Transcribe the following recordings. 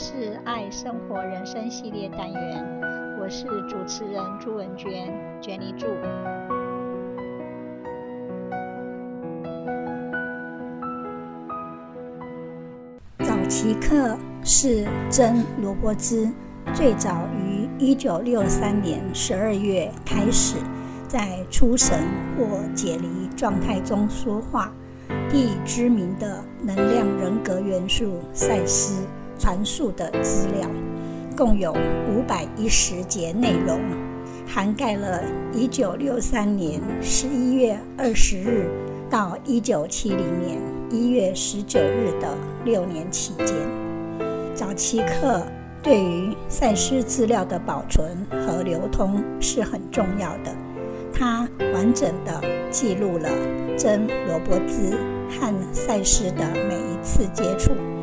是愛生活人生系列單元，我是主持人朱文娟，娟妮助。早期課是珍·羅伯茲最早於一九六三年十二月開始，在出神或解離狀態中說話，替知名的能量人格元素賽斯。傳述的資料共有五百一十節內容，涵蓋了1963年11月20日到1970年1月19日的六年期間。早期課對於賽斯資料的保存和流通是很重要的，它完整地記錄了珍·羅伯茲和賽斯的每一次接觸。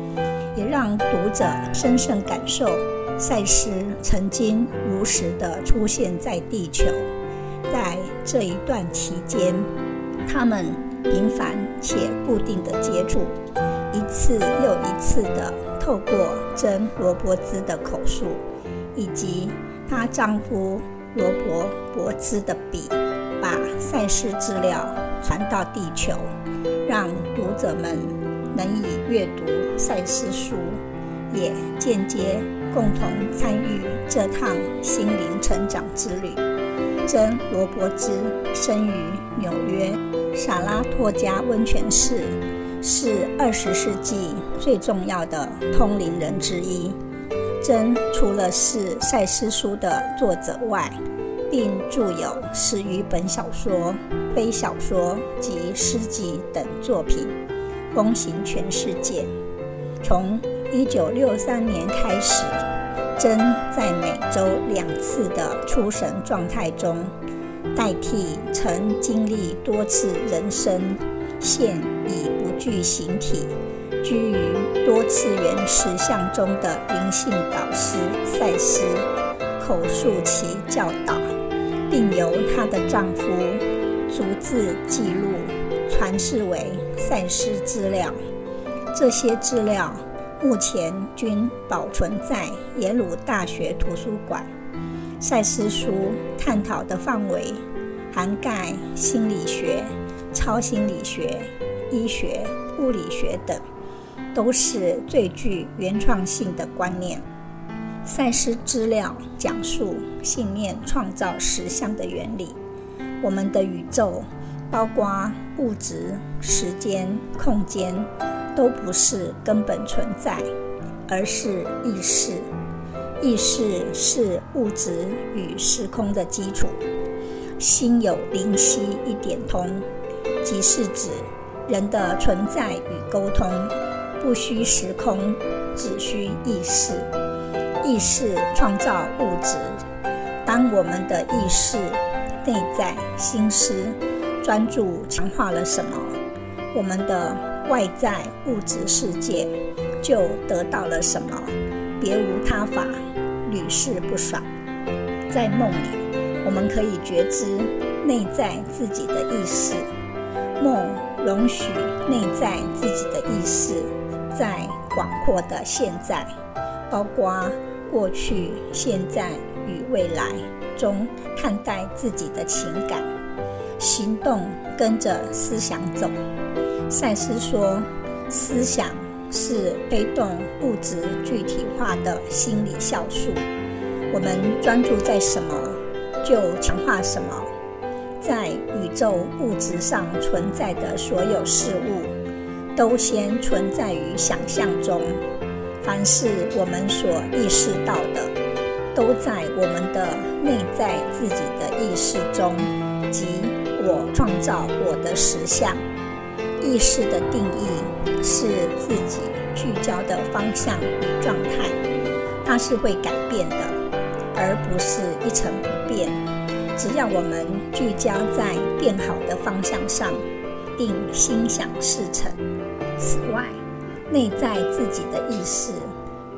也讓讀者深深感受賽斯曾經如實的出現在地球，在這一段期間，他們頻繁且固定的接觸，一次又一次的透過珍·羅伯茲的口述，以及她丈夫羅勃·柏茲的筆，把賽斯資料傳到地球，讓讀者們。能以閱讀賽斯書，也間接共同參與這趟心靈成長之旅。珍·羅伯茲生於紐約薩拉托加溫泉市，是20世紀最重要的通靈人之一。珍除了是賽斯書的作者外，並著有十餘本小說、非小說及詩集等作品。風行全世界。從1963年開始，珍在每周兩次的出神狀態中，代替曾經歷多次人身、現已不具形體、居於多次元實相中的靈性導師賽斯口述其教導，並由她的丈夫逐字記錄。傳世為賽斯資料，這些資料目前均保存在耶魯大學圖書館。賽斯書探討的範圍，涵蓋心理學、超心理學、醫學、物理學等，都是最具原創性的觀念。賽斯資料講述信念創造實相的原理，我們的宇宙。包括物質、時間、空間，都不是根本存在，而是意識。意識是物質與時空的基礎。心有靈犀一點通，即是指人的存在與溝通，不需時空，只需意識。意識創造物質。當我們的意識內在心思，專注強化了什麼，我們的外在物質世界就得到了什麼，別無他法，屢試不爽。在夢裡，我們可以覺知內在自己的意識，夢容許內在自己的意識在廣闊的現在，包括過去、現在與未來中看待自己的情感。行動跟着思想走。賽斯說，思想是推動物質具體化的心理酵素。我們專注在什麼，就強化什麼。在宇宙物質上存在的所有事物，都先存在於想象中。凡是我們所意識到的，都在我們的內在自己的意識中，即。我創造我的實相。意識的定義是自己聚焦的方向與狀態，它是會改變的，而不是一成不變。只要我們聚焦在變好的方向上，一定心想事成。此外，內在自己的意識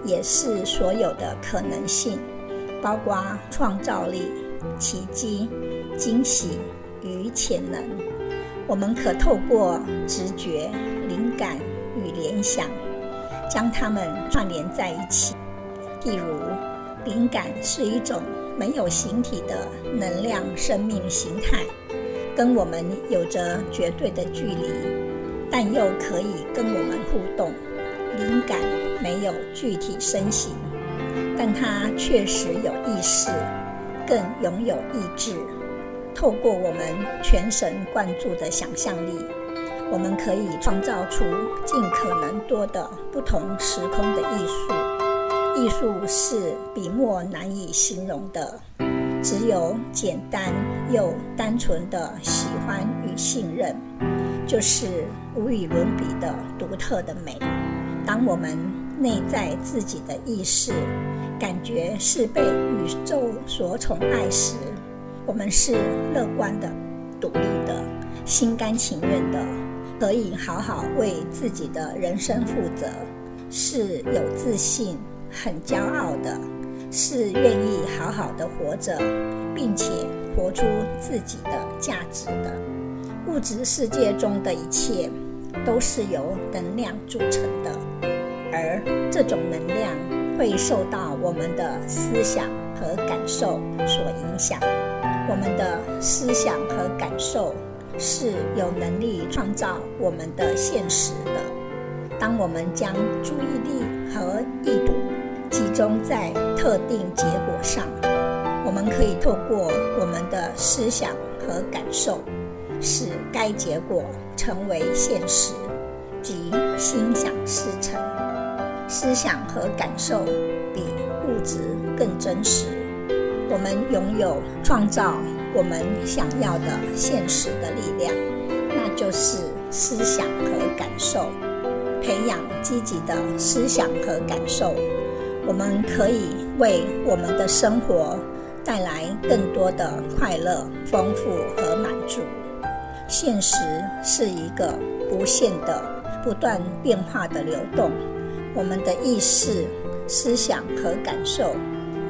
也是所有的可能性，包括創造力、奇蹟、驚喜。與潛能，我們可透過直覺、靈感與聯想，將它們串聯在一起。例如，靈感是一種沒有形體的能量生命形態，跟我們有着絕對的距離，但又可以跟我們互動。靈感沒有具體身形，但它確實有意識，更擁有意志。透過我們全神貫注的想象力，我們可以創造出盡可能多的不同時空的藝術。藝術是筆墨難以形容的，只有簡單又單純的喜歡與信任，就是無與倫比的獨特的美。當我們內在自己的意識感覺是被宇宙所寵愛時，我們是樂觀的、獨立的、心甘情願的，可以好好為自己的人生負責，是有自信、很驕傲的，是願意好好的活着，並且活出自己的價值的。物質世界中的一切都是由能量組成的，而這種能量會受到我們的思想和感受所影響。我們的思想和感受是有能力創造我們的現實的。當我們將注意力和意圖集中在特定結果上，我們可以透過我們的思想和感受，使該結果成為現實，即心想事成。思想和感受比物質更真實。我們擁有創造我們想要的現實的力量，那就是思想和感受。培養積極的思想和感受，我們可以為我們的生活，帶來更多的快樂、豐富和滿足。現實是一個無限的、不斷變化的流動，我們的意識、思想和感受。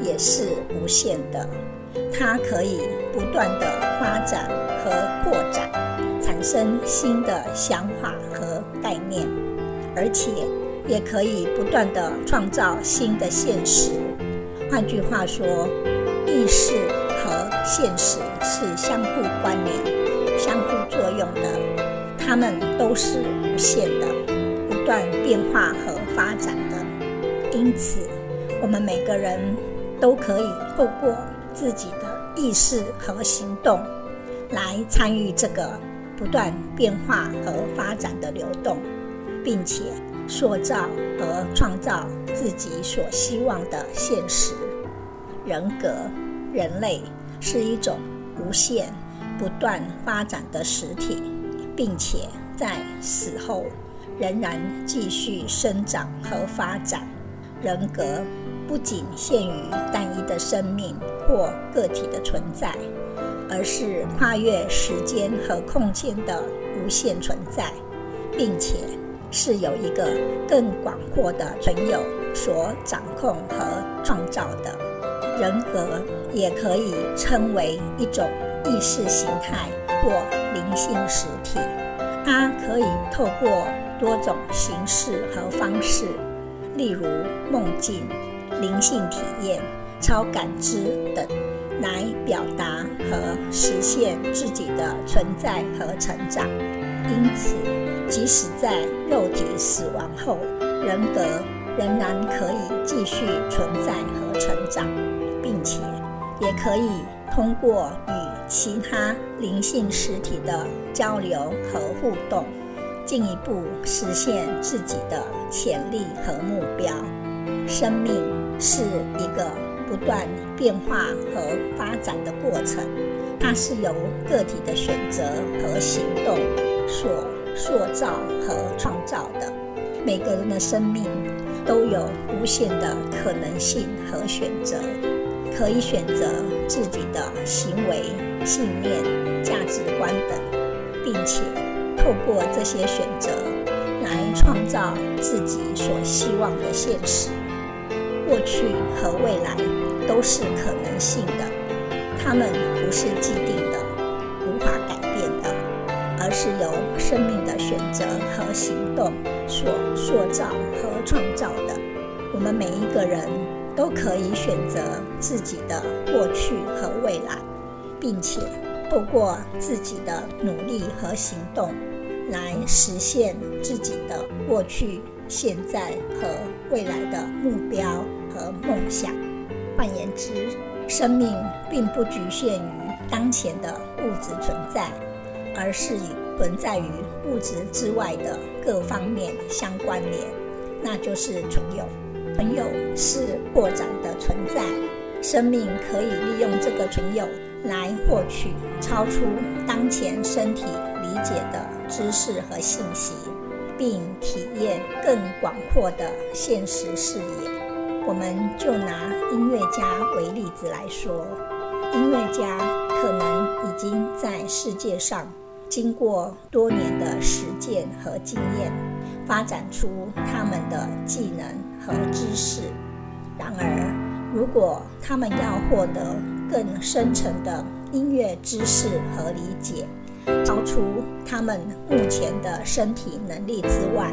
也是無限的，它可以不斷的發展和擴展，產生新的想法和概念，而且也可以不斷的創造新的現實。換句話說，意識和現實是相互關聯、相互作用的，它們都是無限的，不斷變化和發展的。因此，我們每個人。都可以透過自己的意識和行動，來參與這個不斷變化和發展的流動，並且塑造和創造自己所希望的現實。人格，人類是一種無限、不斷發展的實體，並且在死後仍然繼續生長和發展。人格。不僅限於單一的生命或個體的存在，而是跨越時間和空間的無限存在，並且是有一個更廣闊的存有所掌控和創造的。人格也可以稱為一種意識形態或靈性實體，它可以透過多種形式和方式，例如夢境。靈性體驗、超感知等，來表達和實現自己的存在和成長。因此，即使在肉體死亡後，人格仍然可以繼續存在和成長，並且也可以通過與其他靈性實體的交流和互動，進一步實現自己的潛力和目標。生命是一個不斷變化和發展的過程，它是由個體的選擇和行動所塑造和創造的。每個人的生命都有無限的可能性和選擇，可以選擇自己的行為、信念、價值觀等，並且透過這些選擇來創造自己所希望的現實。過去和未來都是可能性的，它們不是既定的、無法改變的，而是由生命的選擇和行動所塑造和創造的。我們每一個人都可以選擇自己的過去和未來，並且透過自己的努力和行動來實現自己的過去、現在和未來的目標和夢想。換言之，生命並不局限於當前的物質存在，而是與存在於物質之外的各方面相關聯。那就是存有。存有是擴展的存在，生命可以利用這個存有來獲取超出當前身體理解的知識和信息，並體驗更廣闊的現實視野。我們就拿音樂家為例子來說，音樂家可能已經在世界上經過多年的實踐和經驗，發展出他們的技能和知識。然而，如果他們要獲得更深層的音樂知識和理解，超出他們目前的身體能力之外。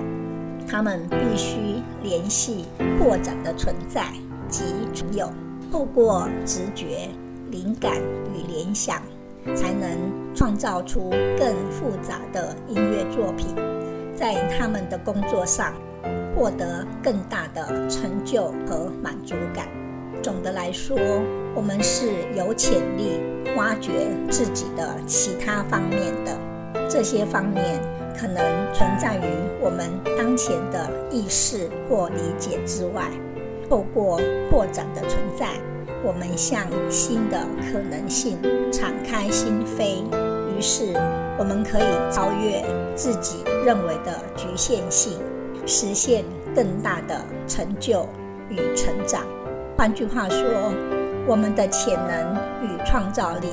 他們必須聯繫擴展的存在及存有，透過直覺、靈感與聯想，才能創造出更複雜的音樂作品，在他們的工作上獲得更大的成就和滿足感。總的來說，我們是有潛力挖掘自己的其他方面的這些方面。可能存在於我們當前的意識或理解之外。透過擴展的存在，我們向新的可能性敞開心扉，於是我們可以超越自己認為的局限性，實現更大的成就與成長。換句話說，我們的潛能與創造力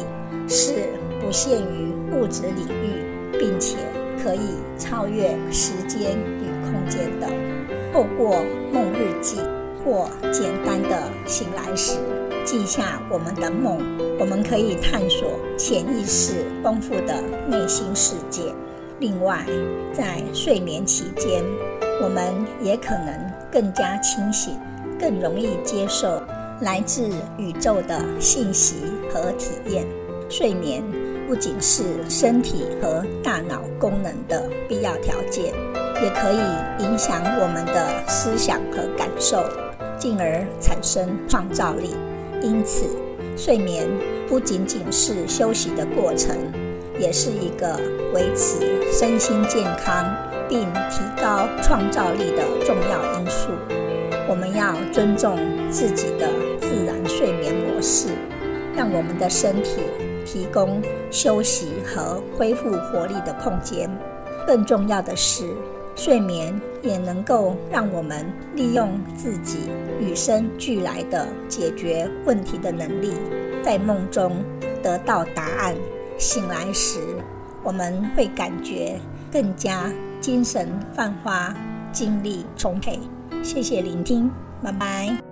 是不限於物質領域，並且。可以超越時間與空間的。透過夢日記或簡單的醒來時，記下我們的夢，我們可以探索潛意識豐富的內心世界。另外，在睡眠期間，我們也可能更加清醒，更容易接受來自宇宙的信息和體驗。睡眠。不僅是身體和大腦功能的必要條件，也可以影響我們的思想和感受，進而產生創造力。因此，睡眠不僅僅是休息的過程，也是一個維持身心健康並提高創造力的重要因素。我們要尊重自己的自然睡眠模式，讓我們的身體。提供休息和恢復活力的空間。更重要的是，睡眠也能夠讓我們利用自己與生俱來的解決問題的能力，在夢中得到答案。醒來時，我們會感覺更加精神煥發、精力充沛。謝謝聆聽，拜拜。